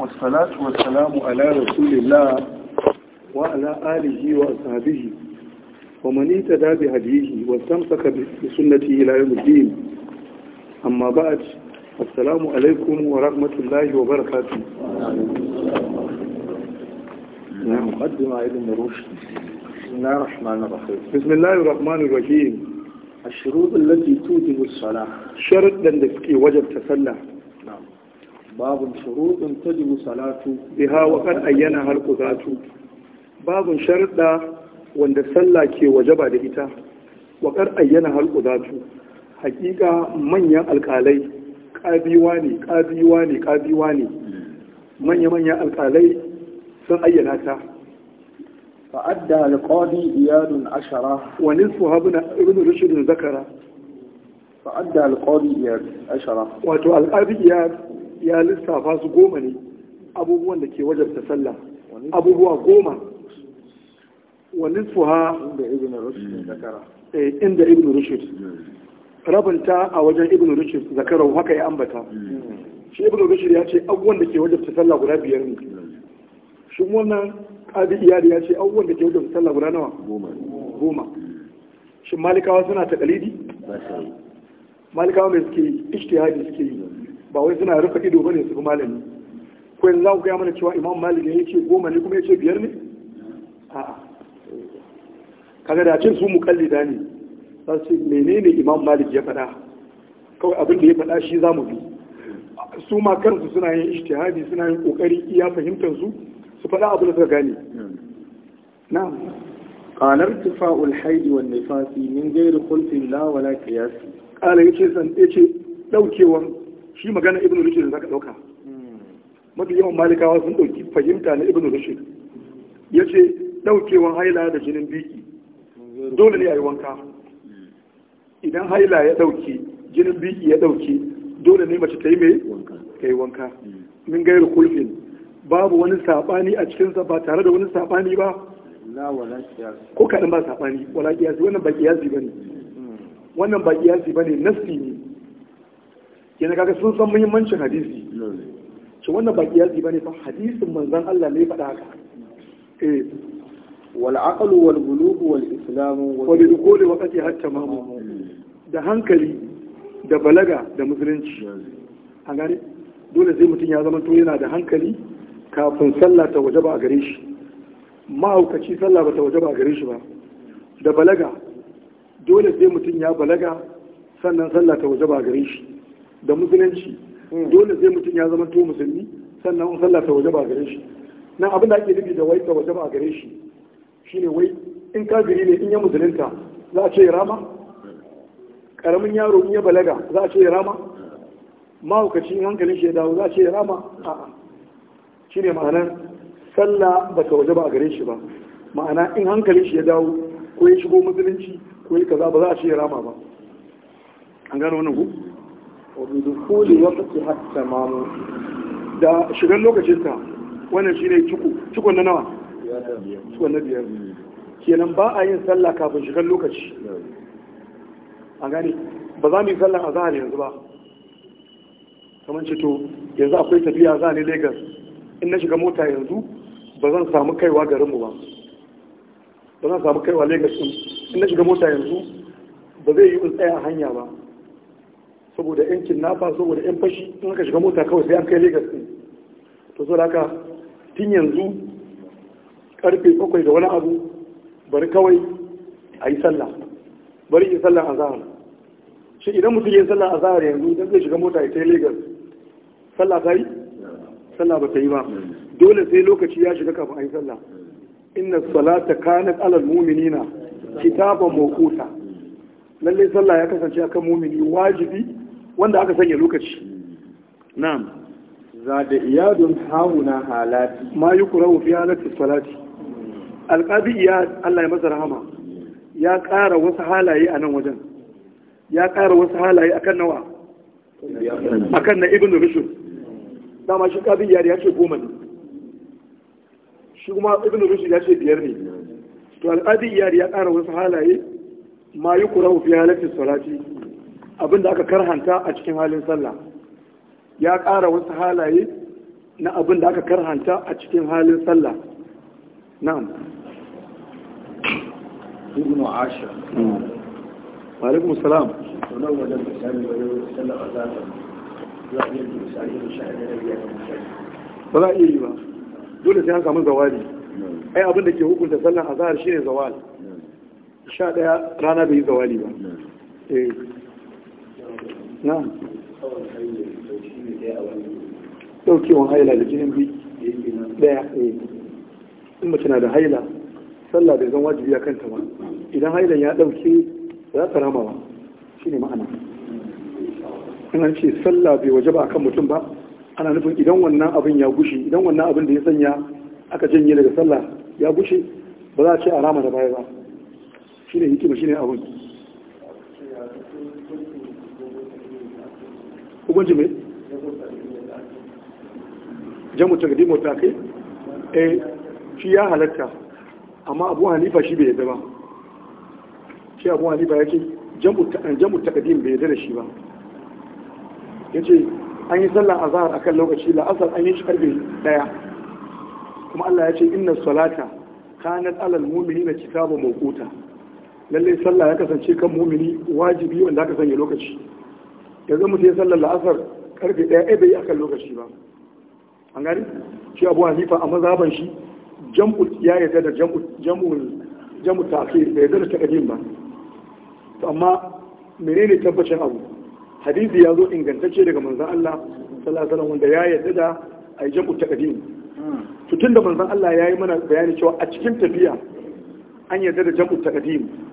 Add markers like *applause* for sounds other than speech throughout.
والصلاة والسلام على رسول الله وعلى آله وأصحابه ومن اهتدى بهديه واستمسك بسنته إلى يوم الدين أما بعد السلام عليكم ورحمة الله وبركاته مقدمة ابن المروش بسم الله الرحمن الرحيم بسم الله الرحمن الرحيم الشروط التي توجب الصلاة شرط لندفكي وجب تسلح babun shuruɗin tajibu salatu biha wa kan ayyana har kuzatu babun sharuɗa wanda sallah ke waje ba da ita wa kan ayyana har kuzatu hakika manyan alƙalai ƙabiwa ne ƙabiwa ne ƙabiwa ne manya-manyan alƙalai sun ayyana ta fa'adda alƙadi iyalun ashara wani su habu na irin rashidun zakara fa'adda alƙadi iyalun ashara wato alƙadi iyalun ya lissafa su goma ne abubuwan da ke ta sallah abubuwa goma wa nisfuha inda ibn rushd zakara eh inda ibn rushd rabanta a wajen ibn rushd zakara haka ya ambata hmm. shi ibn rushd ya ce abubuwan da ke ta sallah guda biyar ne shi wannan qadi iyali ya ce abubuwan da ke ta sallah guda nawa goma goma shin malikawa suna taqalidi malikawa mai suke yi ijtihadi suke yi ba wai suna rufe ido bane su malami ko yanzu za ku gaya mana cewa imam malik ya ce goma ne kuma ya ce biyar ne a'a kaga da cin su da ne za su menene imam malik ya faɗa kawai abin da ya faɗa shi za mu bi su ma kansu suna yin ijtihadi suna yin kokari iya fahimtar su su faɗa abu da suka gane na'am قال ارتفاع الحيض والنفاس من غير nifasi min ولا قياس قال يجي سنتي qala shi magana ibn rushd da ka dauka mafi yawan malikawa sun dauki fahimta na ibn rushd ce daukewan haila da jinin biki dole ne a yi wanka idan haila ya dauke jinin biki ya dauke dole ne mace ta yi mai ka yi wanka min gairu kulfin babu wani sabani a cikinsa ba tare da wani sabani ba ko kaɗan ba sabani wala kiyasi wannan ba kiyasi ba ne wannan ba kiyasi ba ne nasti ne kenan kaga sun san muhimmancin hadisi to wannan ba kiyasi bane fa hadisin manzon Allah ne faɗa haka eh wal aqlu wal bulugu wal islam bi dukhul wa qati hatta mamu da hankali da balaga da musulunci a gare dole sai mutum ya zama to yana da hankali kafin sallah ta waje ba a gare shi mahaukaci sallah ba ta waje ba a gare shi ba da balaga dole sai mutum ya balaga sannan sallah ta waje ba a gare shi da musulunci hmm. dole zai mutum ya zama to musulmi sannan sallah ta waje ba gare shi nan abin da ake nufi da wai ta waje ba gare shi shine wai in ka gari ne in ya musulunta za a ce ya rama karamin yaro in ya balaga za a ce ya rama mahaukacin hankalin shi ya dawo za a ce ya rama a'a shine ma'anar sallah ba ta waje ba gare shi ba ma'ana in hankalin shi ya dawo ko ya shigo musulunci ko ya kaza ba za a ce ya rama ba an gano wannan ku wa bi dukuli waqti hatta mamu da shigan lokacin ta wannan shine cuku cikon na nawa cikon na biyar kenan ba a yin sallah kafin shigan lokaci a gani. ba za mu yi sallah a zahar yanzu ba kamar ce to yanzu akwai tafiya za ne Legas in na shiga mota yanzu ba zan samu kaiwa garinmu ba ba zan samu kaiwa Legas din in na shiga mota yanzu ba zai yi in tsaya a hanya ba saboda yankin nafa saboda yan fashi in aka shiga mota kawai sai an kai Lagos din to saboda haka tun yanzu karfe bakwai da wani abu bari kawai a yi sallah bari yi sallah a zahar shi idan mutum yi sallah a zahar yanzu don zai shiga mota ya ta Lagos sallah ta yi sallah ba ta yi ba dole sai lokaci ya shiga kafin a yi sallah inna salata kanat alal mu'minina kitaban mawquta lalle sallah ya kasance akan mu'mini wajibi wanda aka sanya lokaci na'am iya iyadun hauna halati ma kura wufi halati salati alqadi ya Allah ya masa rahama ya ƙara wasu halaye a nan wajen ya ƙara wasu halaye akan nawa akan na ibn rushd dama shi qadi ya ce goma ne shi kuma ibn rushd ya ce biyar ne to alqadi ya ƙara wasu halaye ma yukrahu fi halati salati abinda aka karhanta a cikin halin sallah ya ƙara wasu halaye na abinda aka karhanta a cikin halin sallah na'am ibnu ashir hmm. wa alaikum salam wannan wajen misali wajen sallah azan za a iya ba za a iya yi ba dole sai an samu zawali hmm. ai abin da ke hukunta sallan azhar shine zawal hmm. sha daya rana bai yi zawali ba eh. na ɗaukewan haila da jinin bi ɗaya eh. in mace na da haila sallah bai zan wajibi a kanta ba idan hailan ya ɗauke za ta rama ba shi ne ma'ana in an ce sallah bai waje ba kan mutum ba ana nufin idan wannan abin ya gushe idan wannan abin da ya sanya aka janye daga sallah ya gushe ba za a ce a rama da baya ba shi ne hikima shi ne abin hukunci mai jamu takdimu kai eh shi ya halatta amma abu hanifa shi bai yadda ba shi abu hanifa yake da takdim bai yadda da shi ba Ya ce an yi azahar a kan lokaci la'asar an yi shi karfe daya kuma Allah ya ce inna salata kanar alal cikabu mai kuta lalle sallah ya kasance kan mu'mini wajibi wanda aka sanya lokaci yanzu mutum ya sallar la'asar karfe ɗaya ɗaya bai yi akan lokaci ba an gani shi abu hanifa a mazaban shi jam'ul ya yarda da jam'ul ta ta'khir bai zada ta ƙadin ba to amma menene tabbacin abu hadisi ya zo ingantacce daga manzan Allah sallallahu alaihi wanda ya yarda da ai ta ƙadin. Tutun da manzan Allah ya yi mana bayani cewa a cikin tafiya an yarda da ta ƙadin.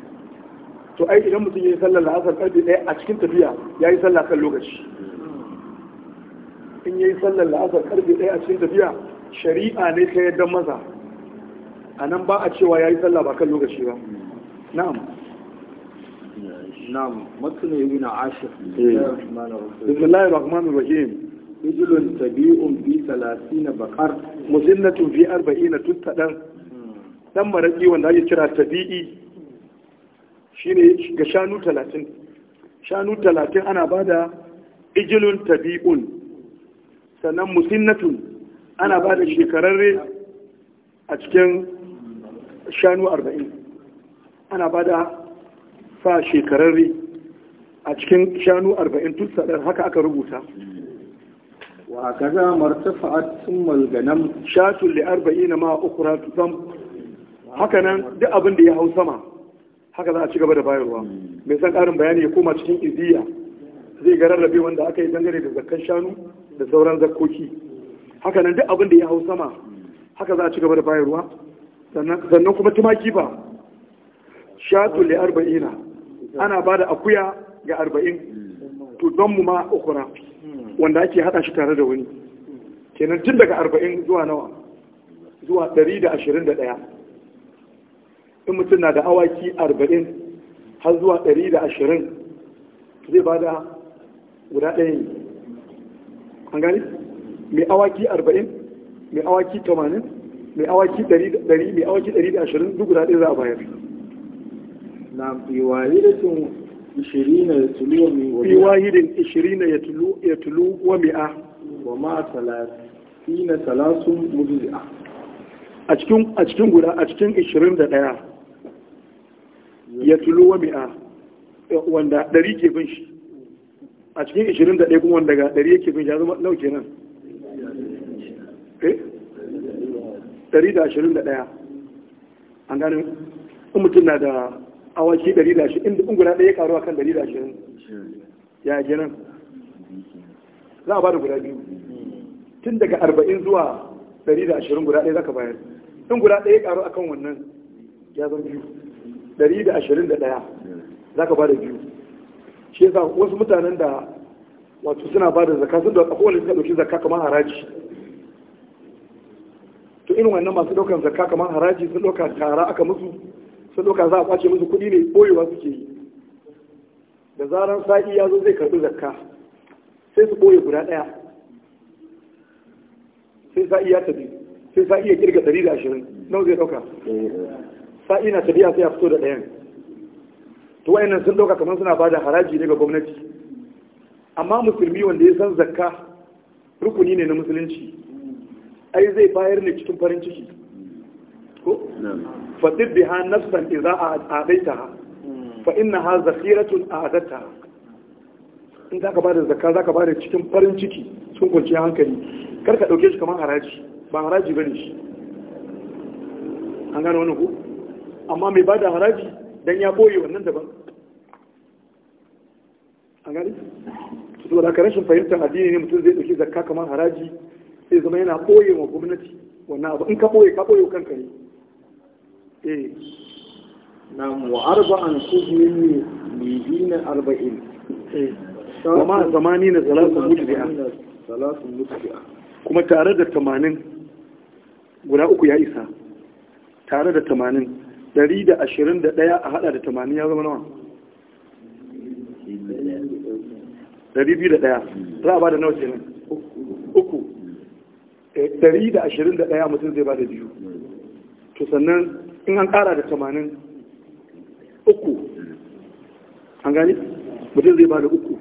to ai idan mutum ya yi sallar la'asar karfe ɗaya a cikin tafiya ya yi sallah kan lokaci in ya yi sallar la'asar karfe ɗaya a cikin tafiya shari'a ne ta yadda masa a nan ba a cewa ya yi sallah ba kan lokaci ba na'am na'am matsu ne yi na ashir bismillahir rahmanir rahim tabi'un bi في ثلاثين بقر bi في أربعين dan maraki wanda ake kira tabi'i ne ga shanu talatin shanu talatin ana ba da ijilun tabi'un sannan musinnatun ana ba da shekararre a cikin shanu arba'in ana ba da sa shekararre a cikin shanu arba'in tun sadar haka aka rubuta wa kaza martafa'at summal ganam shatul li arba'ina ma ukhra tusam haka nan duk abin da ya hau sama haka za a ci gaba da bayarwa mai san karin bayani ya koma cikin iziya zai ga rarrabe wanda aka yi dangane da zakkan shanu da sauran zakkoki haka nan duk abin da ya hau sama haka za a ci gaba da bayarwa sannan kuma tumaki ba shatu le arba'ina ana ba da akuya ga arba'in to don mu ma ukura wanda ake haɗa shi tare da wani kenan tun daga arba'in zuwa nawa zuwa ɗari da ashirin da ɗaya in mutum na da awaki arba'in har zuwa ɗari zai ba guda ɗaya yi an gani mai awaki arba'in mai awaki tamanin mai awaki ɗari mai awaki 120 duk guda ɗaya za a bayar na biwayi da sun ishirina ya tulu wa mi'a biwayi da ishirina ya tulu wa mi'a wa ma talatina talatin mujizia a cikin guda a cikin ya tulo wa mi'a wanda ɗari ke bin shi a cikin 21 kuma wanda ga ɗari yake bin shi ya zama nau kenan eh 121 an gane in mutum na da awaki 120 in guda ɗaya karu a kan 120 ya gina za a ba da guda biyu tun daga 40 zuwa 120 guda ɗaya za ka bayar in guda ɗaya karu a kan wannan ya zama biyu 121 da ashirin da ɗaya za ka bada biyu shi yasa wasu mutanen da wato suna ba da zaka sun da kowane suka ɗauki zaka kamar haraji to irin wannan masu ɗaukar zaka kamar haraji sun ɗauka tara aka musu sun ɗauka za a kwace musu kuɗi ne ɓoyewa suke yi da zaran sa'i ya zo zai karɓi zakka sai su ɓoye guda ɗaya sai sa'i ya tafi sai sa'i ya kirga 120 da ashirin nawa zai ɗauka eh, eh. Sa'ina na biya sai a fito da ɗayan to wayannan sun ɗauka kamar suna bada haraji ne ga gwamnati amma musulmi wanda ya san zakka rukuni ne na musulunci ai zai bayar ne cikin farin ciki ko fadir biha nafsan idza a'adaitaha fa innaha zakhiratun a'adataha in zaka bada zakka zaka bada cikin farin ciki cikin kunci hankali kar ka dauke shi kamar haraji ba haraji bane shi an gane wannan ku amma mai bada haraji don ya ɓoye wannan daban a gani su da haka rashin fahimtar addini ne mutum zai ɗauki zakka kamar haraji sai zama yana ɓoye wa gwamnati wannan abu in ka ɓoye ka boye kanka ne eh nam wa arba'an kuzmin na arba'in eh kuma zamani na salatu mutbi'a salatu mutbi'a kuma tare da tamanin. guda uku ya isa tare da tamanin. ɗari da ashirin da ɗaya a haɗa da tamanin ya zama nawa ɗari biyu da ɗaya za a ba da nawa kenan uku eh, ɗari da ashirin da ɗaya mutum zai ba da biyu to sannan in an ƙara da tamanin uku an gani mutum zai ba da uku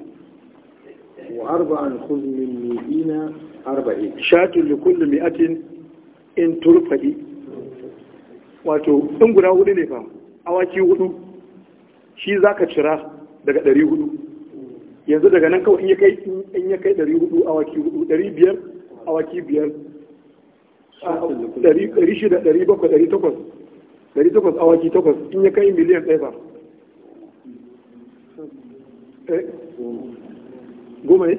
wa arba'an kullum mi'ina arba'in shatin li kullum mi'atin in turfaɗi wato in guda hudu ne fa awaki hudu shi za ka cira daga ɗari hudu yanzu daga nan kawai in ya kai in ya kai ɗari hudu awaki hudu ɗari biyar awaki biyar ɗari shida ɗari bakwai ɗari takwas ɗari takwas awaki takwas in ya kai miliyan ɗaya ba eh, goma ne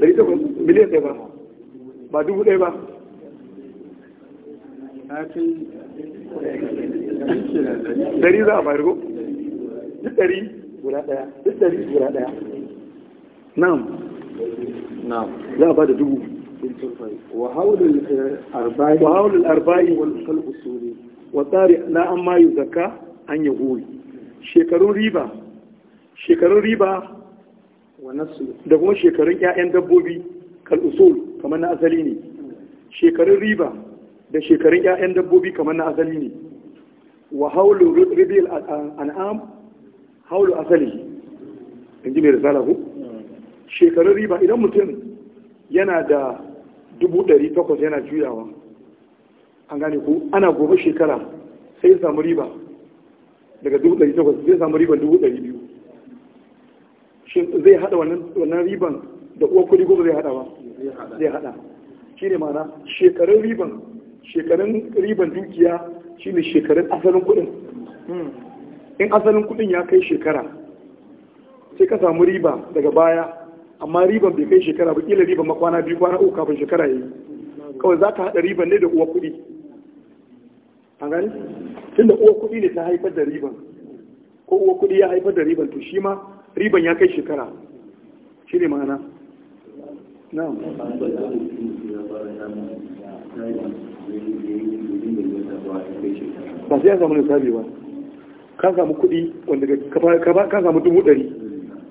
ɗari takwas miliyan ɗaya ba ba dubu ɗaya ba dari za a bari ko duk dari guda daya duk dari guda daya na'am na'am za a bada dubu wa haulul arba'i wa haulul arba'i wal usuli wa tsari na an mayu zaka an yahuri shekarun riba shekarun riba da kuma shekarun 'ya'yan dabbobi kal usul kamar na asali ne shekarun riba da shekarun 'ya'yan dabbobi kamar na asali ne wa haulu ribil an'am haulu asali in ji mai risala ku shekarun riba idan mutum yana da dubu ɗari takwas yana juyawa an gane ku ana gobe shekara sai samu riba daga dubu ɗari takwas zai samu riban dubu ɗari biyu zai haɗa wannan riban da uwa kuɗi gobe zai haɗa ba zai haɗa shi ne ma'ana shekarun riban shekarun riban dukiya shine shekarun asalin kuɗin in asalin kuɗin ya kai shekara sai ka samu riba daga baya amma riban bai kai shekara ba kila riban makwana biyu kwana uku kafin shekara yayi kawai za ka haɗa riban ne da uwa kuɗi a gani tun da uwa kuɗi ne ta haifar da riban ko uwa kuɗi ya haifar da riban to shi ma riban ya kai shekara shi ne ma'ana na'am ba sai an samu lissafi ba ka samu kuɗi wanda ka samu dubu ɗari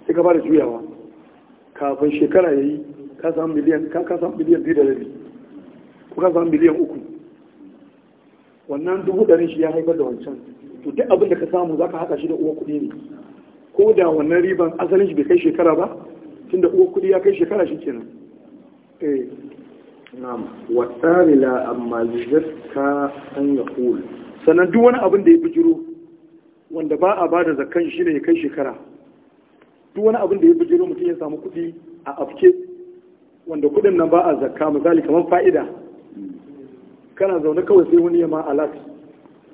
sai ka fara juyawa kafin shekara ya yi ka samu miliyan biyu da rabi ko ka samu miliyan uku wannan dubu dari shi ya haifar da wancan to duk abin da ka samu za ka haɗa shi da uwa kuɗi ne ko da wannan riban asalin shi bai kai shekara ba tunda uwa kuɗi ya kai shekara shi kenan eh. na'am amma zakka an sannan duk wani abin da ya bijiro wanda ba a bada zakkan shi ne ya kai shekara duk wani abin da ya bijiro mutum ya samu kuɗi a afke wanda kuɗin nan ba a zakka misali kamar fa'ida kana zaune kawai sai wani ya ma alat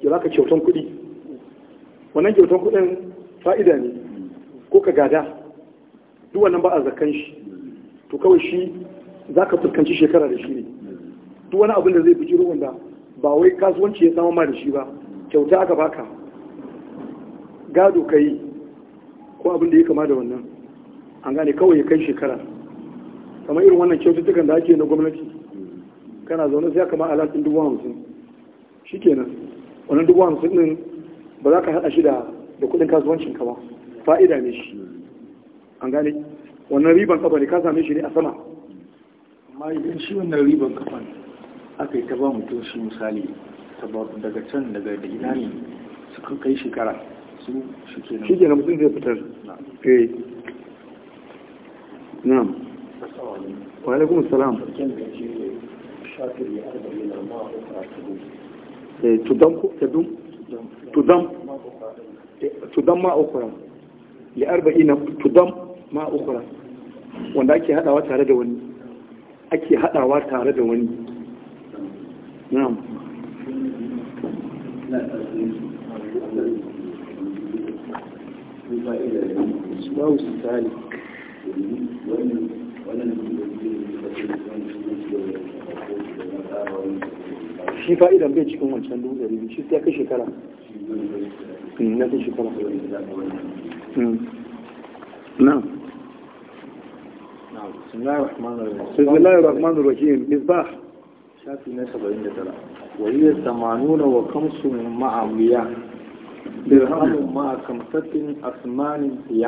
ya baka kyautan kuɗi wannan kyautan kuɗin fa'ida ne ko ka gada duk wannan ba a zakkan shi to kawai shi za ka fuskanci shekara da shi ne duk wani abin da zai ruwan da ba wai kasuwanci ya samu ma da shi ba kyauta aka baka gado ka yi ko abin da ya kama da wannan an gane kawai ya kai shekara kamar irin wannan kyaututtukan da ake na gwamnati kana zaune sai kama alaƙin dubu hamsin shi kenan wannan dubu hamsin ɗin ba za ka haɗa shi da kuɗin kasuwancin ka ba fa'ida ne shi an gane wannan riban kafa ne ka same shi ne a sama amma shi wannan ribar kafan aka yi ta ba mutum shi misali daga can daga da ina ne suka kai shekara su shi ke nan shi ke mutum zai fitar ke eh. na'am wa alaikum salam eh, tudan tudam tudam tudam ma ukura li wanda ake hadawa tare da wani ake hadawa tare da wani na'am Bawu Shi fa'idan bai cikin wancan dubu shi ta kai shekara. Na hmm, shekara. Hmm. بسم الله الرحمن الرحيم مصباح شافي ناس ترى وهي 80 وخمس مع 100 درهم مع خمسة أثمان هي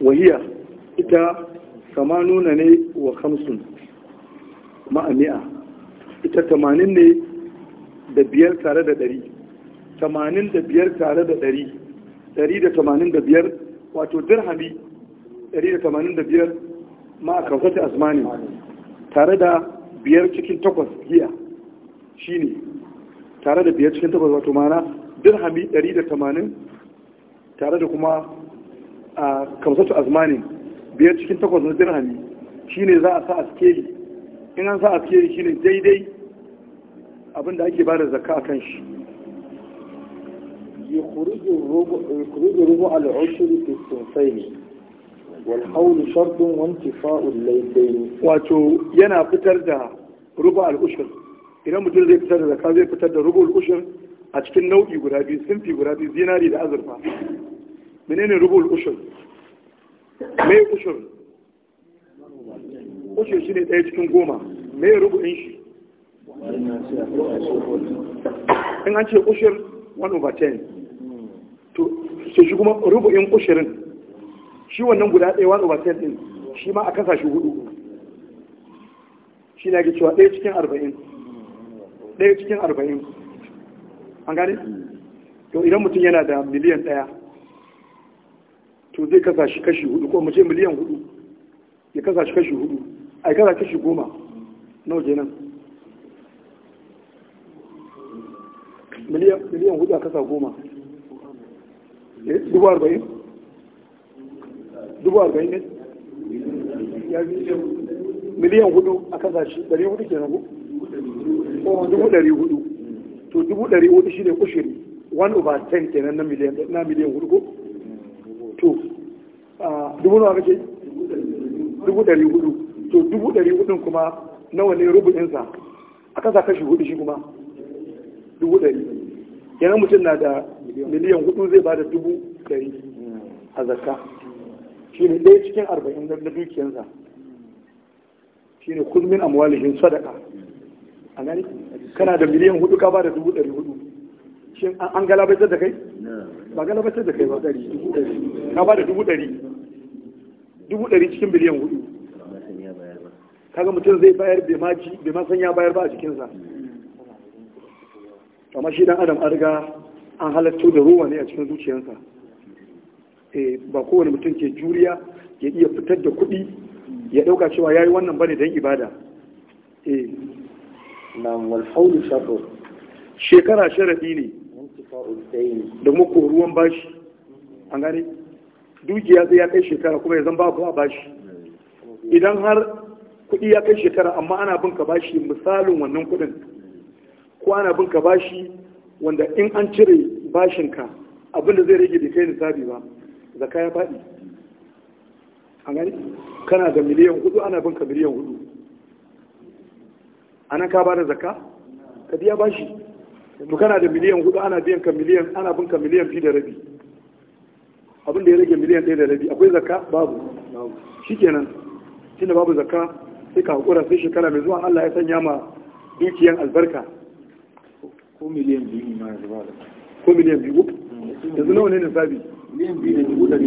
وهي إتا ثمانون ne wa مع 100 ita ثمانين ne da biyar tare da 100 80 da biyar tare دبير واتو درهمي wato dirhami 185 ma a kausata asmani tare da biyar cikin takwas giya shi ne tare da biyar cikin takwas wato mana dirhami 180 tare da kuma a kausata asmani biyar cikin takwas na dirhami shi ne za a sa a skeli in an sa a skeli shi ne daidai abinda ake ba da zakka a kan shi rubu ربع العشر sosai ne. walhaulu shardun wanti fa’ul laifin wato yana fitar da rubu al’ushir idan mutum zai fitar da zaka zai fitar da rubu al’ushir a cikin nau’i guda biyu sun zinari da azurfa mene ne rubu al’ushir mai ushir ushir shi daya cikin goma mai rubu in shi in an ce ushir 1 over 10 to shi kuma rubu in ushirin shi wannan guda ɗaya wani over 10 ɗin shi ma a kasa shi hudu shi na ga cewa ɗaya cikin arba'in ɗaya cikin arba'in an gane? to idan mutum yana da miliyan ɗaya to zai kasa shi kashi hudu ko mace miliyan hudu ya kasa shi kashi hudu a yi kasa kashi goma na waje nan miliyan hudu a kasa goma eh, dubu arba'in dubu arba'in ne miliyan hudu a kasashe dari hudu ke nago dubu dari hudu to dubu dari hudu shi ne kushiri one over ten ke na miliyan na miliyan hudu ko to dubu nawa kake dubu dari hudu to dubu dari hudun kuma nawa ne rubu'insa a kasa kashi hudu shi kuma dubu dari kenan mutum na da miliyan hudu zai ba da dubu dari a zakka shi ne ɗaya cikin arba'in na dukiyarsa shi ne kulmin amwalihin sadaka a gani kana da miliyan hudu ka ba da dubu ɗari hudu shin an galabatar da kai ba galabatar da kai ba ɗari ka ba da dubu ɗari dubu ɗari cikin miliyan hudu kaga mutum zai bayar bai ma san ya bayar ba a cikinsa amma shi dan adam an riga an halatto da ruwa ne a cikin zuciyarsa Eh, ba kowane mutum ke juriya ya iya fitar da kuɗi ya ɗauka cewa ya yi wannan bane don ibada eh. nam walhaulu shafo shekara sharaɗi ne da muku ruwan bashi an gane dukiya zai ya kai shekara kuma ya zan ba a bashi idan har kuɗi ya kai shekara amma ana bin ka bashi misalin wannan kuɗin ko ana bin ka bashi wanda in an cire bashinka abinda zai rage da kai nisabi ba zaka ya faɗi a gani kana da miliyan hudu ana bin ka miliyan hudu nan ka ba da zaka ka biya bashi to kana da miliyan hudu ana biyan ka miliyan ana bin ka miliyan fi da rabi abin da ya rage miliyan ɗaya da rabi akwai zaka babu shikenan tunda babu zaka sai ka hakura sai shekara mai zuwa Allah ya sanya ma dukiyan albarka ko miliyan biyu ma ya zuba ko miliyan biyu hmm. yanzu nawa ne nisabi miliyan biyu da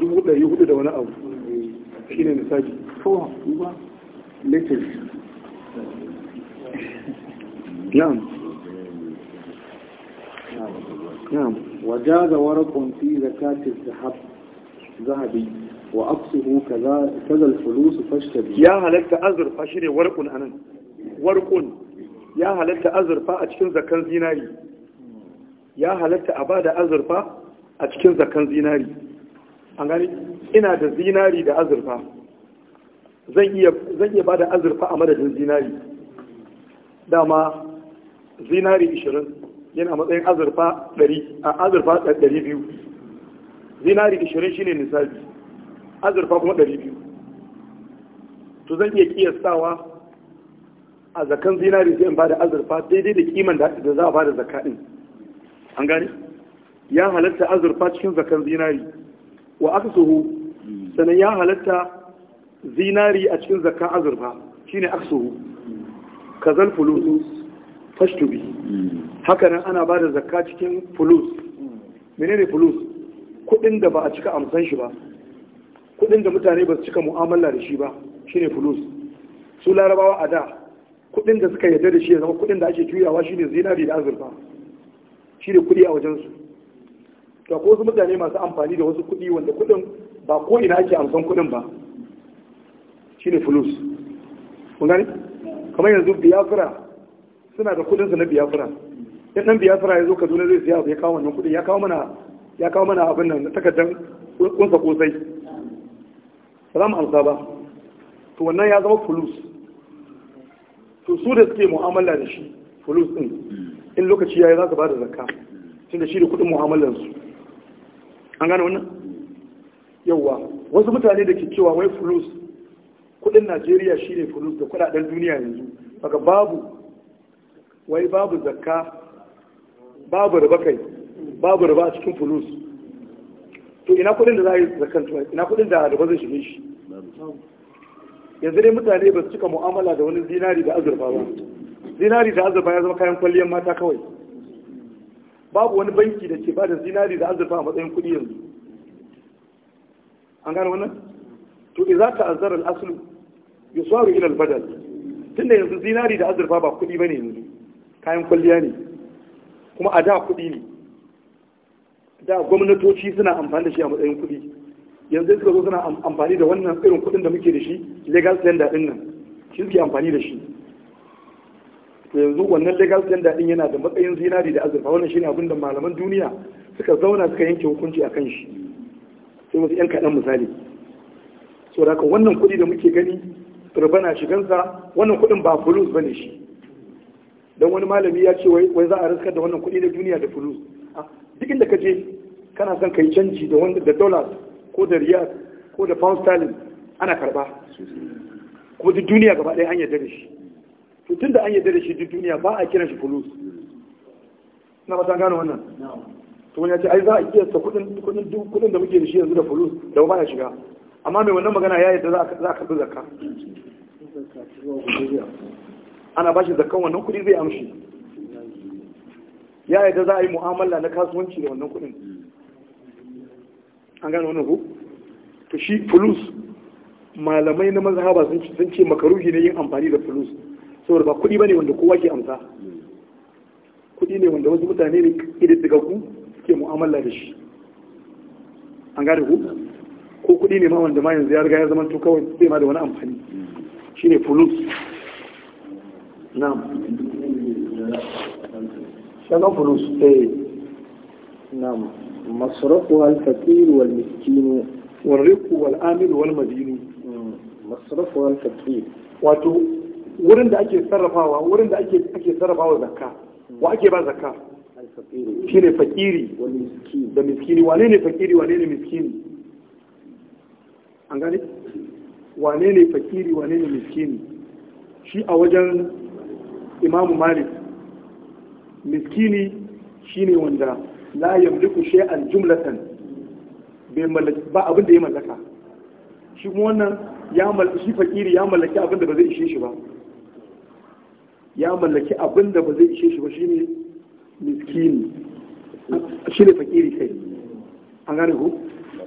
dubu ɗari hudu da wani abu shi ne misali na'am na'am zahabi wa aksuhu ya halatta azurfa shine warqun anan warqun ya halatta azurfa a cikin zakan zinari ya halatta a ba da azurfa a cikin zakan zinari an gani ina da zinari da azurfa zan iya ba da azurfa a madadin zinari dama zinari 20 yana matsayin azurfa 100 a azurfa 200 zinari 20 shine nisabi azurfa kuma 200 to zan iya kiyastawa a zakan zinari zai ba da azurfa daidai da kiman da za a ba da zakaɗin an gane ya halatta azurfa cikin zakan zinari wa aksuhu sanan ya halatta zinari a cikin zakan azurfa shine aksuhu kazal fulus fashtubi haka nan ana bada zaka zakka cikin fulus menene fulus kudin da ba a cika amsan shi ba kudin da mutane ba su cika mu'amala da shi ba shine fulus su larabawa a da kudin da suka yarda da shi ya zama kudin da ake juyawa shine zinari da azurfa shi ne kuɗi a wajensu to ko wasu mutane masu amfani da wasu kuɗi wanda kuɗin ba ko ina ake amsan kuɗin ba shi ne fulus kun gani kamar yanzu biyafra suna da kuɗinsu na biyafra in ɗan biyafra ya zo kaduna zai siya ya kawo wannan kuɗi ya kawo mana ya kawo mana abin nan takardar kunsa kosai ba za mu amsa ba to wannan ya zama fulus to su da suke mu'amala da shi fulus din. in lokaci yi za su ba da zakka tunda shi da kudin mu'amalansu. an gane wannan yauwa wasu mutane da ke cewa wai fulus kuɗin Najeriya shi ne fulus da kudaden duniya yanzu daga babu wai babu zakka babu riba kai babu riba a cikin fulus to ina kuɗin da za a yi zakkan ina kuɗin da riba zai shige shi yanzu dai mutane ba su cika mu'amala da wani zinari da azurfa ba zinari da azurfa ya zama kayan kwalliyar mata kawai babu wani banki da ke bada zinari da azurfa a matsayin kudi yanzu an gane wannan to idza ta'azzara al al'asulu ya ila ilal badal tunda yanzu zinari da azurfa ba kudi ba ne yanzu kayan kwalliya ne kuma a da kudi ne da gwamnatoci suna amfani da shi a matsayin kudi yanzu suka zo suna amfani da wannan irin kuɗin da muke da shi legal tender din nan shi suke amfani da shi to yanzu wannan legal standard din yana da matsayin zinari da azurfa wannan shine abin da malaman duniya suka zauna suka yanke hukunci akan shi sai wasu yan kaɗan misali so da wannan kuɗi da muke gani na turbana sa, wannan kuɗin ba fulus bane shi dan wani malami ya ce wai za a riskar da wannan kuɗi na duniya da fulus ah, duk inda ka je kana son yi canji da wanda da dollars ko da riyal ko da pound sterling ana karba ko duk duniya gaba ɗaya an yarda da shi to tun da an yi da shi duk duniya ba a kiran shi fulus na ba ta gano wannan to wani ya ce ai za a iya kudin kudin kudin da muke da shi yanzu da fulus da ba ya shiga amma mai wannan magana ya da za a karbi zakka ana ba shi zakkan wannan kudi zai amshi ya yadda za a yi mu'amala na kasuwanci da wannan kudin an gano wannan ku to shi fulus malamai na mazhaba sun ce makaruhi ne yin amfani da fulus saboda ba kuɗi bane wanda kowa ke amsa kuɗi ne wanda wasu mutane ne ku suke mu'amala da shi an gane ku ko kuɗi ne ma wanda ma yanzu ya riga ya zama to kawai sai ma da wani amfani shine fulus na'am shaka fulus eh na'am masrafu al-fakir wal miskin wal riqu wal amil wal madini hmm. masrafu al-fakir wato wurin da ake sarrafawa wurin da ake ake sarrafawa zakka wa ake ba zakka shine fakiri da miskini wane ne fakiri wane ne miskini an gane wane ne fakiri wane ne miskini shi a wajen imamu malik miskini shine wanda la yamliku shay'an jumlatan bai mallaki ba abin da ya mallaka shi kuma wannan ya mallaki shi fakiri ya mallaki abin da ba zai ishe shi ba ya mallaki abin da ba zai ishe shi ba shine miskini shine fakiri kai an gane ku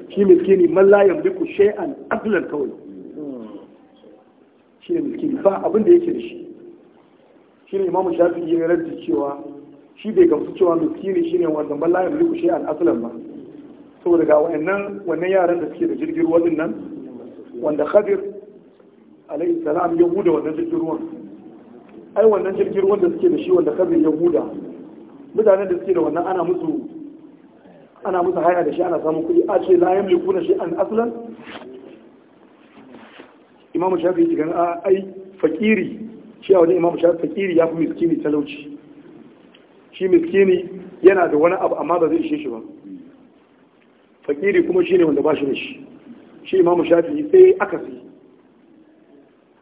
shi miskini man la yamliku shay'an adlan kawai shine miskini ba abin da yake da shi shine imamu shafi'i ya ranta cewa shi bai gamsu cewa miskini shine wanda man la yamliku shay'an aslan ba saboda ga wayannan wannan yaran da suke da jirgin ruwa nan wanda Khadir alaihi salam ya huda wannan jirgin ruwan ai wannan jirgin ruwan da suke da shi wanda kabin yahuda mutanen da suke da wannan ana musu ana musu haya da shi ana samun kuɗi a ce la yamli kuna shi an aslan imamu shafi yake ganin a ai fakiri shi a wani imamu shafi fakiri ya fi miskini talauci shi miskini yana da wani abu amma ba zai ishe shi ba fakiri kuma shi ne wanda ba shi da shi shi imamu shafi sai akasi eh,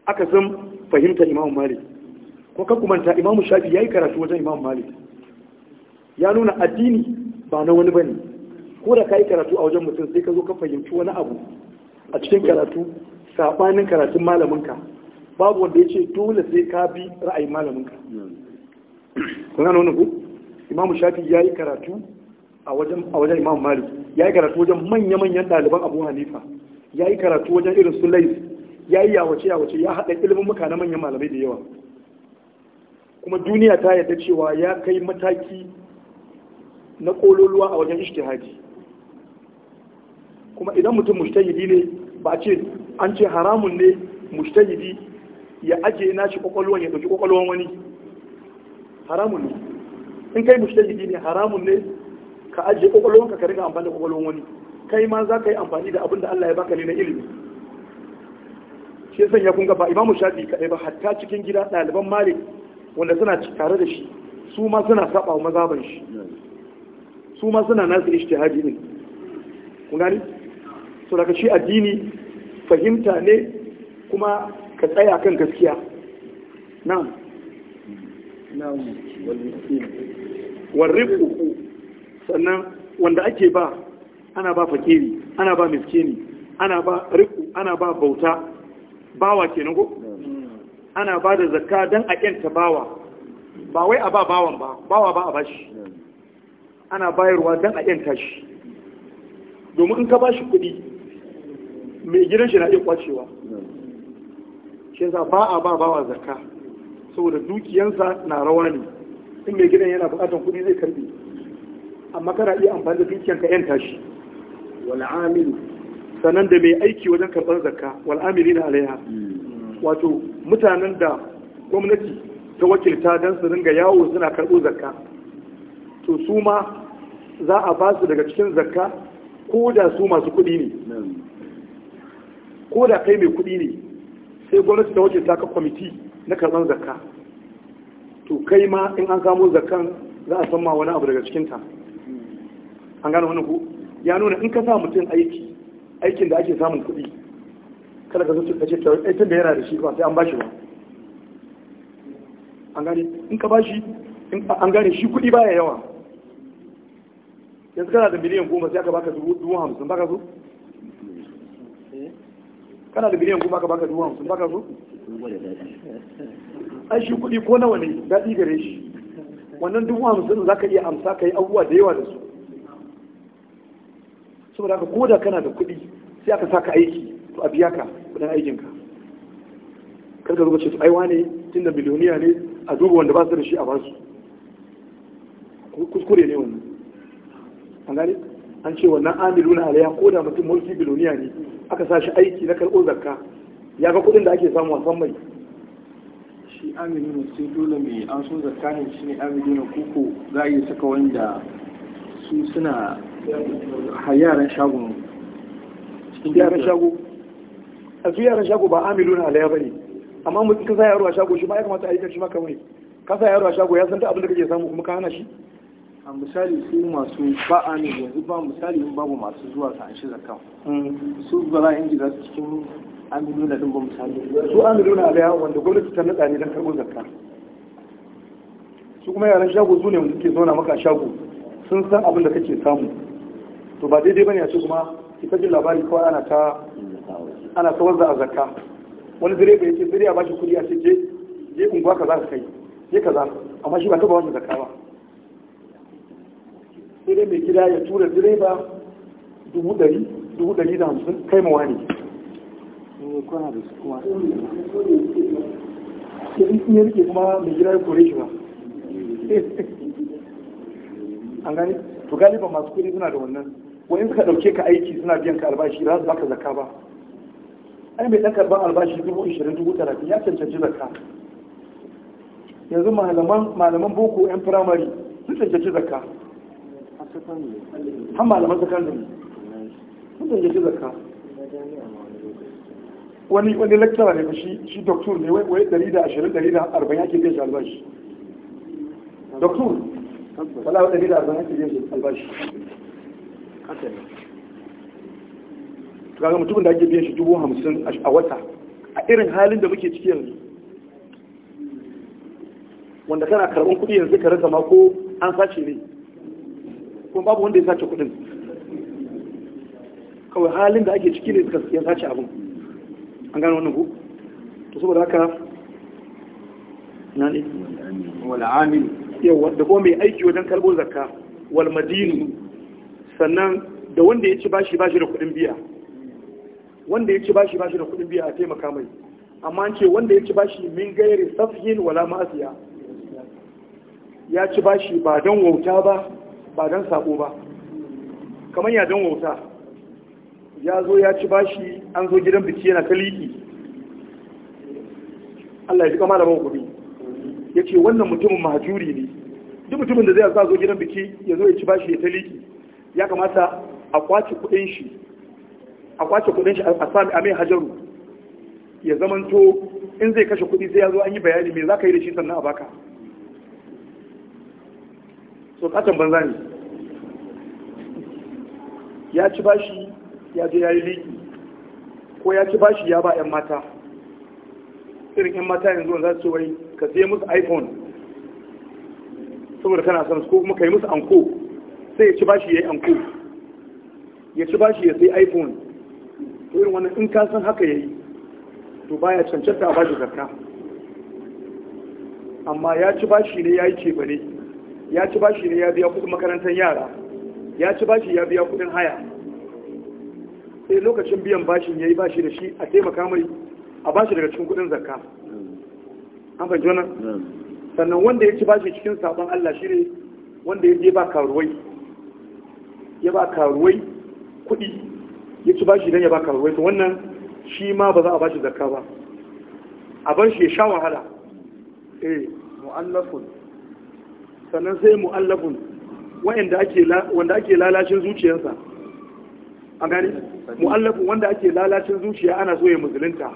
akasin fahimta imamu malik ko kan kumanta imamu shafi ya yi karatu wajen imam malik ya nuna addini ba na wani bane ko da ka yi karatu a wajen mutum sai ka zo ka fahimci wani abu a cikin karatu saɓanin karatun malaminka babu wanda ya ce dole sai ka bi ra'ayin malaminka kun gano wani ku imamu shafi ya yi karatu a wajen imam malik ya yi karatu wajen manya-manyan ɗaliban abu hanifa ya yi karatu wajen irin su lais ya yi yawace yawace ya haɗa ilimin muka na manyan malamai da yawa kuma duniya ta yadda cewa ya kai mataki na kololuwa a wajen ishtihadi kuma idan mutum mushtayidi ne ba ce an ce haramun ne mushtayidi ya ajiye ina shi kwakwalwan ya ɗauki kwakwalwan wani haramun ne in kai mushtayidi ne haramun ne ka ajiye kwakwalwan ka riga amfani da kwakwalwan wani kai ma za ka yi amfani da abin da Allah ya baka ne na ilimi shi yasa ya kun ga ba imamu shafi kaɗai ba hatta cikin gida ɗaliban malik wanda suna tare da shi su ma suna saba wa mazaban shi su ma suna nasu ijtihadi din kun gani to daga shi addini fahimta ne kuma ka tsaya kan gaskiya na'am na'am warriku sannan wanda ake ba ana ba fakiri ana ba miskini ana ba riku ana ba bauta bawa kenan ko ana ba da zakka don a kyanta bawa ba wai a ba bawan ba bawa ba a bashi ana bayarwa don a kyanta shi domin in ka ba shi kuɗi mai gidan shi na iya kwacewa shi yasa ba a ba bawa zakka saboda dukiyansa na rawa ne in mai gidan yana buƙatar kuɗi zai karɓi amma kana iya amfani da ka yanta shi wal sanan da mai aiki wajen karɓar zakka wal na alaiha hmm. wato mutanen da gwamnati ta wakilta don su ringa yawo suna karɓo zakka to su ma za a ba su daga cikin zakka ko da su masu kuɗi ne ko da kai mai kuɗi ne sai gwamnati ta wakilta ka kwamiti na karɓar zakka to kai ma in an samo zakkan za a san ma wani abu daga cikinta an gane wani ku ya nuna in ka sa mutum aiki aikin da ake samun kuɗi kada ka zo ka ce to ai tunda yana da shi ba sai an bashi ba an gane in ka bashi an gane shi kuɗi baya yawa yanzu kana da miliyan goma sai aka baka dubu hamsin baka zo kana da miliyan goma aka baka dubu hamsin baka zo ai shi kuɗi ko nawa ne daɗi gare shi wannan dubu hamsin za ka iya amsa ka yi abubuwa da yawa da su saboda ka ko da kana da kuɗi sai aka saka aiki to a biya ka kudin aikinka kar ka rubuce su aiwa ne tun da miliyoniya ne a duba wanda ba su da shi a basu kuskure ne wannan an gane an ce wannan amilu na alaya ko da mutum mulki biloniya ne aka sa shi aiki na karɓo zakka ya ga kuɗin da ake samu a san mai shi amilu ne sai dole mai an so zakka ne shi ne amilu na koko za a iya saka wanda su suna hayaran shagon yaran shago a su yaran shago ba amilu na alaya bane amma mutum ka sa yaro a shago shi ma ya kamata a yi karshe maka wani ka sa yaro a shago ya san ta abin da kake samu kuma ka hana shi a misali su masu ba a ne yanzu ba misali in babu masu zuwa sa an shi kan hmm. su ba za a yi za su cikin amilu na dumbo misali su amilu na alaya wanda gwamnati ta nutsa ne don karɓar zakka su kuma yaran shago su ne wanda suke zauna maka shago sun san abin da kake samu to ba daidai bane a ce kuma ita jin labari kawai ana ta ana tsawon da a zakka wani direba ya ce dare a bashi kudi a ce je je unguwa kaza ka kai je kaza amma shi ba taba wani zakka ba sai mai gida ya tura direba dubu dari dubu dari da hamsin kai mawa ne in ya rike kuma mai gida ya kore shi ba an gani to galiba masu kuri suna da wannan wani suka dauke ka aiki suna biyan ka albashi za su baka zakka ba ai mai ɗan albashi dubu ishirin dubu talatin ya cancanci zakka yanzu malaman boko yan firamare sun cancanci zakka har malaman sakandare sun cancanci zakka wani wani lecturer ne shi shi doctor ne wai 120 140 yake biyan shi albashi doctor wala 140 yake biyan shi albashi kaga mutumin da ake biyan shi dubu hamsin a wata a irin halin da muke ciki yanzu wanda kana karɓar kuɗi yanzu ka rasa ma ko an sace ne kuma babu wanda ya sace kuɗin kawai halin da ake ciki ne suka ya sace abin an gano wannan ku to saboda haka na ne wala amin yawa da kuma mai aiki wajen kalbo zakka wal madini sannan da wanda ya ci bashi bashi da kuɗin biya wanda ya ci bashi bashi da kuɗin biya a taimaka mai amma an ce wanda ya ci bashi min gairi safiyin wala ma'asiya ya ci bashi ba don wauta ba ba don sako ba kamar ya don wauta ya zo ya ci bashi an zo gidan biki yana ta liki Allah ya ji kama malaman kuɗi ya ce wannan mutumin mahajuri ne duk mutumin da zai zo gidan biki ya zo ya ci bashi ya ta liki ya kamata a kwace kuɗin shi a kwace kudin shi a sami amin hajaru ya zamanto in zai kashe kudi sai ya zo an yi bayani me za ka yi da shi sannan a baka so katon banza ne ya ci bashi ya je ya yi liki ko ya ci bashi ya ba 'yan mata irin 'yan mata yanzu za su ce wai ka sai musu iphone saboda kana son ko kuma ka yi musu anko sai ya ci bashi ya yi anko ya ci bashi ya sai iphone to irin wannan in ka san haka yayi to baya cancanta a bashi zakka amma ya ci bashi ne ya yi cefane ya ci bashi ne ya biya kudin makarantar yara ya ci bashi ya biya kudin haya sai lokacin biyan bashin ya yi bashi da shi a taimaka mai a bashi daga cikin kudin zakka an fahimci wannan sannan wanda ya ci bashi cikin sabon Allah shi ne wanda ya ba karuwai ya ba karuwai kudi ya ci bashi don ya baka ruwai to wannan shi ma ba za a bashi zakka ba a bar shi ya sha wahala eh mu'allafun sannan sai mu'allafun wanda ake wanda ake lalacin zuciyarsa a gani mu'allafun wanda ake lalacin zuciya ana so ya musulunta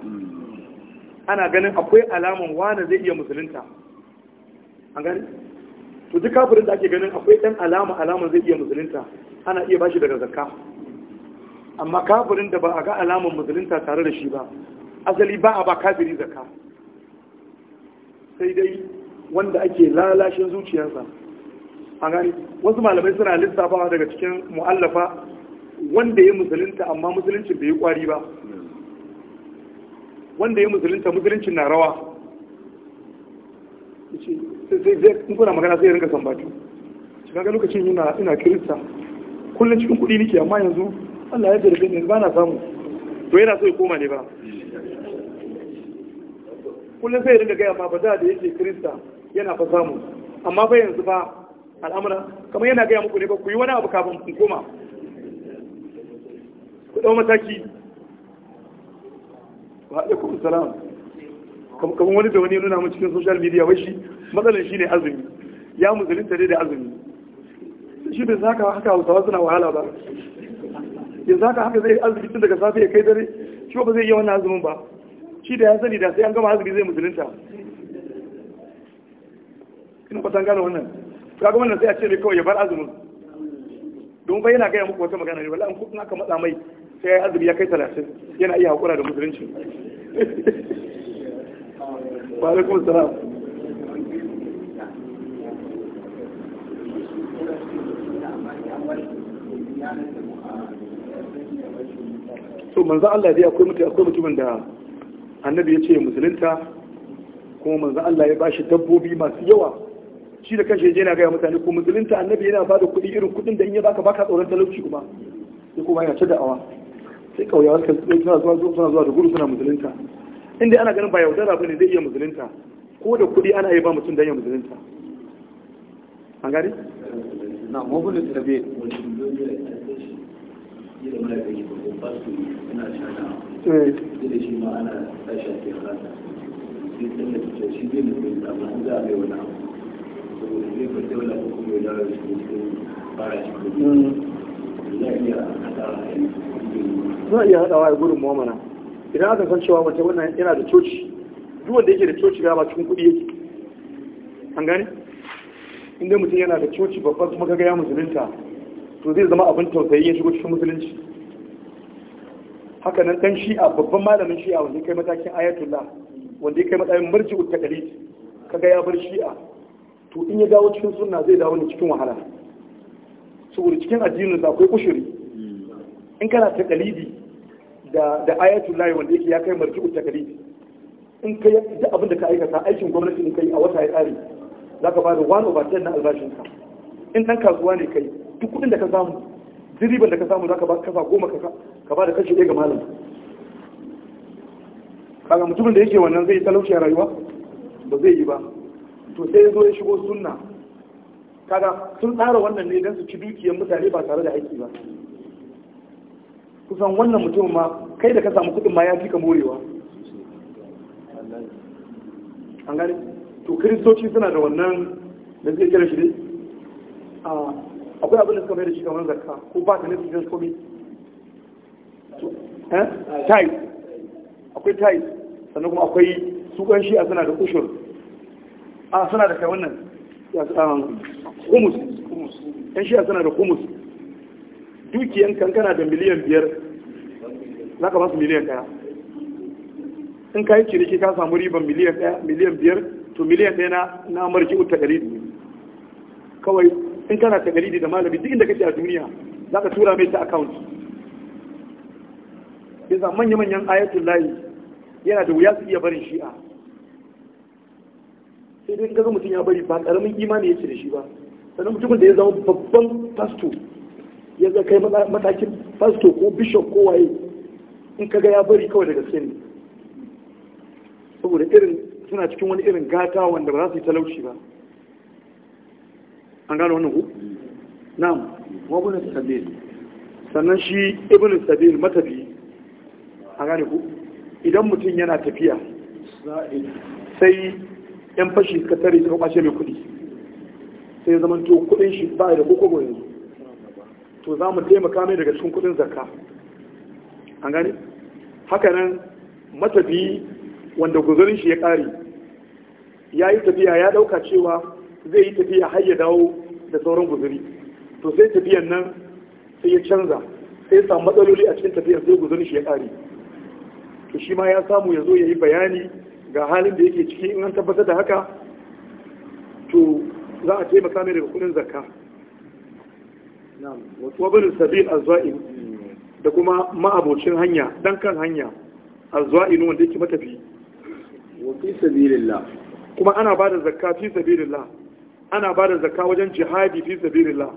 ana ganin akwai alaman wani zai iya musulunta a gani to duk kafirin da ake ganin akwai dan alama alaman zai iya musulunta ana iya bashi daga zakka amma kafirin da ba a ga alamun musulunta tare da shi ba asali ba a ba kafiri zaka sai dai wanda ake lalashin zuciyarsa a gani wasu malamai suna lissafawa daga cikin mu'allafa wanda ya musulunta amma musuluncin bai yi kwari ba wanda ya musulunta musuluncin na rawa sai zai kuna magana sai ya rinka sambatu shiga lokacin ina kirista kullum cikin kuɗi nike amma yanzu Allah ya jirgin ne ba na samu to yana so ya koma ne ba kullum sai ya gaya ma ba da da yake kirista yana fa samu amma fa yanzu fa al'amura kamar yana gaya muku ne ba ku yi wani abu kafin ku koma ku ɗau mataki wa ku salam kamar wani da wani nuna mu cikin social media wai shi matsalar shi ne azumi ya musulunta ne da azumi shi bai saka haka hausawa suna wahala ba yanzu haka haka zai arziki tun daga safe ya kai dare shi ba zai yi wannan azumin ba shi da ya sani da sai an gama arziki zai musulunta ina fatan gane wannan ga wannan sai a ce mai kawai ya bar azumin don bai yana gaya muku wata magana ne wallahi in aka matsa mai sai ya azumi ya kai talatin yana iya hakura da musulunci *laughs* wa alaikum salam Thank you. so manzan Allah dai akwai mutum akwai mutumin da annabi ya ce musulunta kuma manzan Allah ya bashi dabbobi masu yawa shi da kanshi yana gaya mutane ko musulunta annabi yana ba da kuɗi irin kuɗin da in ya baka baka tsoron talauci kuma sai kuma yana ta da'awa sai kauyawa suka suna zuwa suna zuwa da gudu suna musulunta inda ana ganin ba yaudara ba ne zai iya musulunta ko da kuɗi ana yi ba mutum don ya musulunta an gari? na tabi za a iya haɗawa ya gurin mu'amala idan aka san cewa wata wannan yana da coci duk wanda yake da coci ba cikin kuɗi yake an gane inda mutum yana da coci babba kuma kaga ya musulunta to zai zama abin tausayi ya shigo cikin musulunci haka nan dan shi'a babban malamin shi'a wanda ya kai matakin ayatullah wanda ya kai matsayin marji utakali kaga ya bar shi'a to in ya dawo cikin sunna zai dawo ne cikin wahala saboda cikin addinin da akwai kushuri in kana takalidi da da ayatullah wanda yake ya kai marji utakali in kai duk abin da ka aikata aikin gwamnati in kai a wata ya tsari zaka ba da one over 10 na albashinka in dan kasuwa ne kai duk kudin da ka samu diriban da ka samu za ka ba kasa goma ka ba da kashi ɗaya ga malam kaga mutumin da yake wannan zai talauci a rayuwa ba zai yi ba to sai ya zo ya shigo sunna kaga sun tsara wannan ne don su ci dukiyar mutane ba tare da aiki ba kusan wannan mutum ma kai da ka samu kudin ma ya fi ka morewa an gane to kiristoci suna da wannan da zai kira shi ne akwai abin da suka mai da shi kamar zarka ko ba ta nufin jinsu komi tai eh? akwai tais sannan kuma akwai sukan shi a suna da kushur a ah, suna da kai wannan kumus yan shi a suna da kumus dukiyan kankana da miliyan biyar za ka masu miliyan kaya? in ka yi ciniki ka samu riban miliyan biyar to miliyan daya na marki uta ɗari kawai in kana tagaridi da malami duk inda kake a duniya za ka tura mai ta account za manya-manyan ayatun layi yana da wuya su iya barin shi'a sai dai kaga mutum ya bari ba karamin imani ya ce da shi ba sannan mutumin da ya zama babban pasto ya zaka kai matakin pasto ko bishop ko waye in kaga ya bari kawai daga sani saboda irin suna cikin wani irin gata wanda ba za su yi talauci ba an gano wannan ku na'am wabunan sabil sannan shi ibunan sabil matafi an gane ku idan mutum yana tafiya sai yan fashi suka tare suka kwashe mai kuɗi sai zama to kuɗin shi ba da kokobo yanzu to za mu taimaka mai daga cikin kuɗin zarka an gane hakanan matafi wanda guzurin shi ya ƙare ya yi tafiya ya ɗauka cewa zai yi tafiya har ya dawo da sauran guzuri to sai tafiyan nan sai ya canza sai samu matsaloli a cikin tafiyar sai guzuri shi ya ƙare to shi ma ya samu ya zo ya yi bayani ga halin da yake ciki in an tabbatar da haka to za a taimaka mai daga kudin zakka wabin sabil azwa'in da kuma ma'abocin hanya dan kan hanya azwa'in wanda yake matafi wa fi sabilillah kuma ana bada zakka fi sabilillah ana ba da zakka wajen jihadi fi sabilillah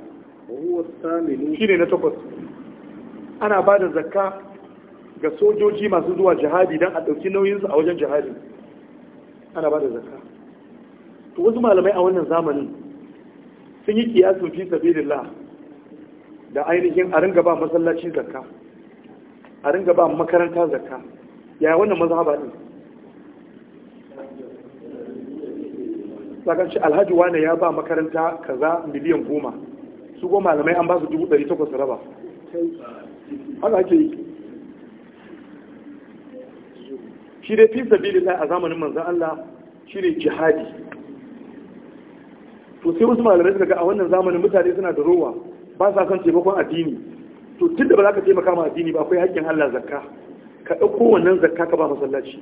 shine na takwas ana ba da zakka ga sojoji masu zuwa jihadi don a ɗauki nauyinsu a wajen jihadi ana ba da zakka to wasu malamai a wannan zamanin sun yi kiyasu fi sabilillah da ainihin a ringa ba masallaci zakka a ringa ba makaranta zakka yaya wannan mazhaba din sakanci shi alhaji wane ya ba makaranta kaza miliyan goma su goma malamai an ba su dubu ɗari takwas raba haka ake yi shi dai fi sabilillah a zamanin manzan Allah shi ne jihadi to sai wasu malamai suka ga a wannan zamanin mutane suna da rowa ba sa son taimakon addini to tunda ba za ka taimaka ma addini ba akwai haƙƙin Allah zakka ka ɗauko wannan zakka ka ba masallaci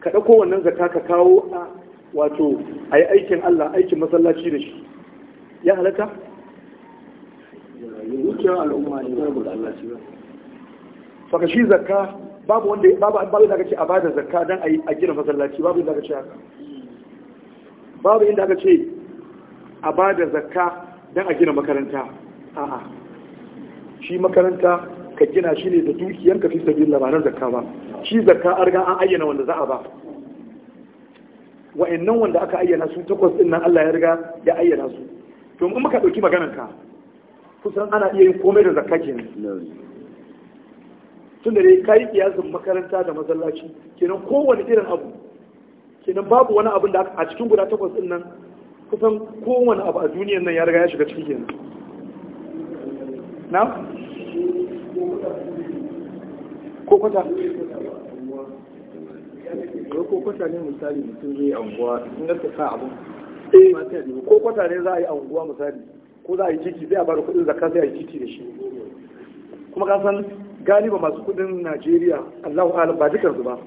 ka ɗauko wannan zakka ka kawo a. wato a yi aikin Allah aikin masallaci da shi ya halatta? Faka da shi ba saka shi zakka babu wanda babu babu da kace a bada zakka dan a gina masallaci babu da kace haka babu inda aka ce a bada zakka dan a gina makaranta a'a shi makaranta ka gina shi ne da ka fi sabilillah ba na zakka ba shi zakka an riga an ayyana wanda za a ba wa'annan wanda aka ayyana su takwas din nan Allah ya riga ya ayyana su to in muka dauki maganar ka kusan ana iya yin komai da zakka kenan tunda dai kai kiyasin makaranta da masallaci kenan kowane irin abu kenan babu wani abin da a cikin guda takwas din nan kusan kowane abu a duniyar nan ya riga ya shiga ciki kenan na ko kwata ko kwata ne misali mutum zai anguwa in sa abu eh. ko kwata ne za a yi anguwa misali ko za a yi titi zai a kudin zakka zai a yi titi da shi kuma ka san galiba masu kudin Najeriya Allahu alam ba dukansu ba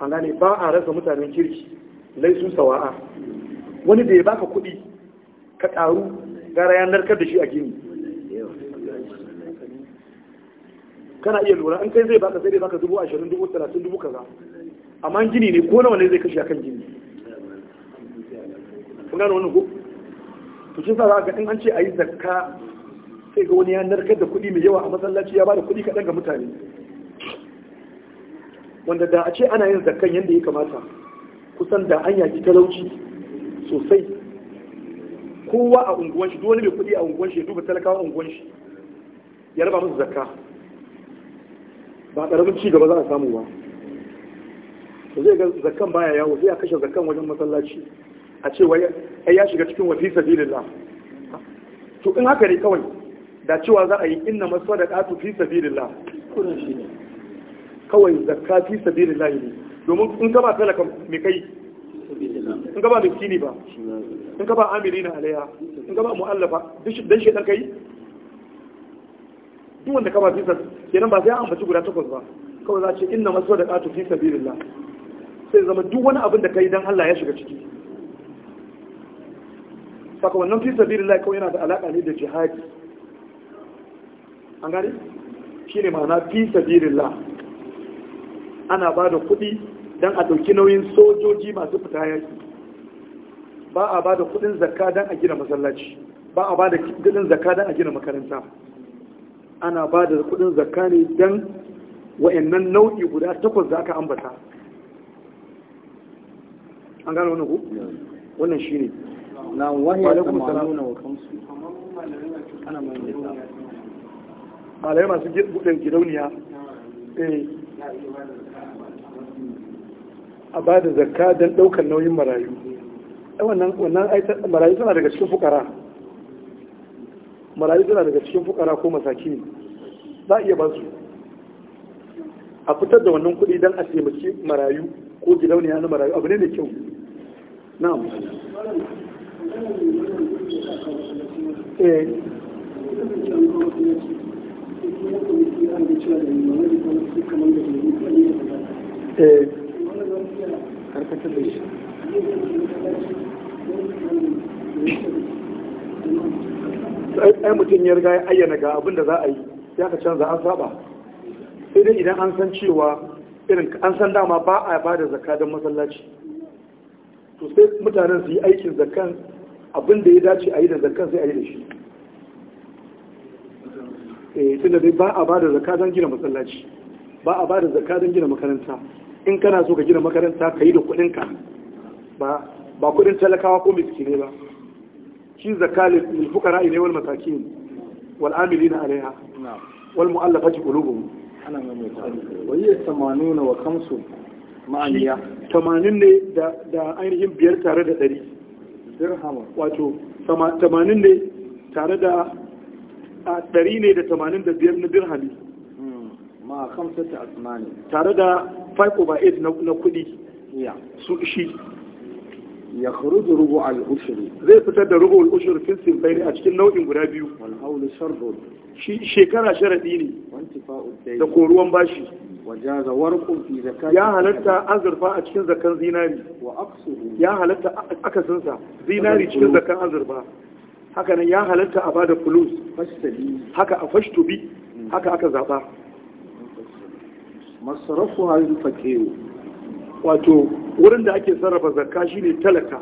an gane ba a rasa mutanen kirki laisu sawa'a wani da ya baka kudi ka karu gara ya narkar da shi a gini kana iya lura an kai zai baka sai dai baka dubu ashirin dubu talatin dubu kaza amma gini ne ko nawa ne zai kashe akan gini kun gano wani ko to shi sa za ga in an ce a yi zakka sai ga wani ya narkar da kuɗi mai yawa a masallaci ya bada kuɗi kaɗan ga mutane wanda da a ce ana yin zakkan yadda ya kamata kusan da an yaki talauci sosai kowa a unguwan shi dole mai kuɗi a unguwan ya duba talakawa unguwan shi ya raba musu zakka ba ƙaramin ci gaba za a samu ba to zai ga zakan baya yawo zai kashe zakan wajen masallaci a ce wai ai ya shiga cikin wafi sabilillah to in haka ne kawai da cewa za a yi inna masadaqatu fi sabilillah kurin shi ne kawai zakka fi sabilillah ne domin in ka ba talaka me kai in ka ba miskini ba in ka ba amirina alaiha in ka ba mu'allafa dan dan kai duk wanda ka ba fi sabilillah kenan ba sai an ambaci guda takwas ba kawai za a ce inna masadaqatu fi sabilillah sai zama duk wani abin da kai don Allah ya shiga ciki saka wannan fi sabilillah kawai yana da alaƙa ne da jihadi an gane ne ma'ana fi sabilillah ana ba da kuɗi don a ɗauki nauyin sojoji masu fita yaki ba a ba da kuɗin zakka don a gina masallaci ba a ba da kuɗin zakka don a gina makaranta ana ba da kuɗin zakka ne don wa'annan nau'i guda takwas da aka ambata an gano wannan ku wannan shi ne. na wahiyar da ma'anuna wa kamsu ana mai malamai masu gidan gidauniya eh, a ba da zakka don ɗaukar nauyin marayu wannan marayu suna daga cikin fukara marayu suna daga cikin fukara ko masaki za a iya ba su a fitar da wannan kuɗi don a taimaki marayu ko gidauniya ya marayu abu ne mai kyau na mu. Eh. Eh. ai mutum ya riga ya ayyana ga abin da za a yi ya ka canza an saba sai dai idan an san cewa irin an san dama ba a ba da zakka don masallaci to sai mutanen su yi aikin zakkan abin da ya dace a yi da zakkan sai a yi da shi eh tunda dai ba a ba da zakka don gina masallaci ba a ba da zakka don gina makaranta in kana so ka gina makaranta ka yi da kuɗin ka ba ba kuɗin talakawa ko ne ba shi zakka lil fuqara ne wal masakin wal amilina alaiha wal mu'allafati qulubuhum ana maimaita wani tamanuna wa kamsu ma'aniya tamanin ne da ainihin biyar tare da ɗari dirhama wato tamanin ne tare da ɗari ne da tamanin da biyar na dirhami hmm. ma asmani tare da 5 over 8 na kuɗi su shi ya kharuju rubu al-ushri zai fitar da rubu al-ushri fil sinfaini a cikin nau'in guda biyu wal hawlu shekara sharaɗi ne da koruwan bashi ya halatta azurfa a cikin zakan zinari ya halatta sunsa zinari cikin zakan azurfa haka nan ya halatta a bada fulus haka a fashtubi hmm. haka aka zaɓa masarafu hain fakewo wato wurin da ake sarrafa zakka ne talaka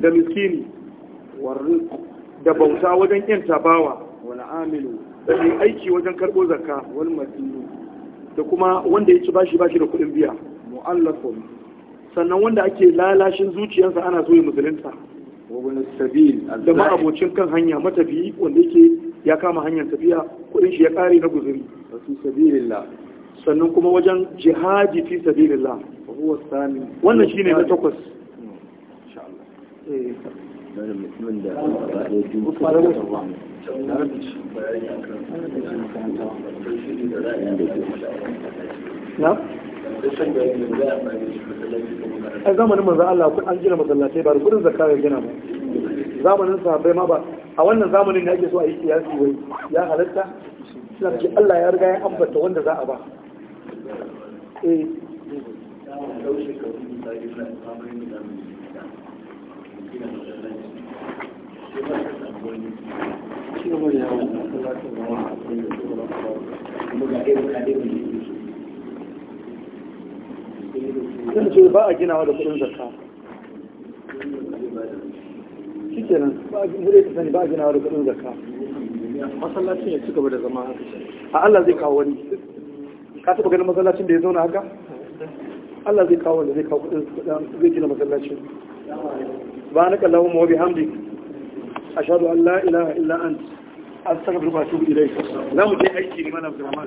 da miskini da bauta wajen yanta bawa wani amilu mai aiki wajen karɓo zakka wani masiru da kuma wanda ya ci bashi bashi da kuɗin biya mu'allafun sannan wanda ake lalashin zuciyarsa ana so ya musulunta da ma abocin kan hanya matafi wanda yake ya kama hanyar tafiya kuɗin shi ya ƙare na guzuri sannan kuma wajen jihadi fi sabilillah wannan shine na takwas insha Allah eh. na? a zamanin manzo Allah kun an gina masallatai ba da kudin zakka ya gina ba zamanin sahabbai ma ba a wannan zamanin da ake so a yi siyasi wai ya halatta suna ce Allah ya riga ya ambata wanda za a ba eh shi gaba da yawon da kuma lafiya da wani akwai ce ba a ginawa da kudin zarka shi kenan ba a sani ba a ginawa da kudin zarka masallacin ya ci gaba da zama haka a Allah zai kawo wani ka taba ganin masallacin da ya zauna haka Allah zai kawo wani zai kawo kudin zai gina masallacin ba na kallon mawabi hamdi ashhadu an la ilaha illa anta astaghfiruka wa atubu je aiki liman abdurrahman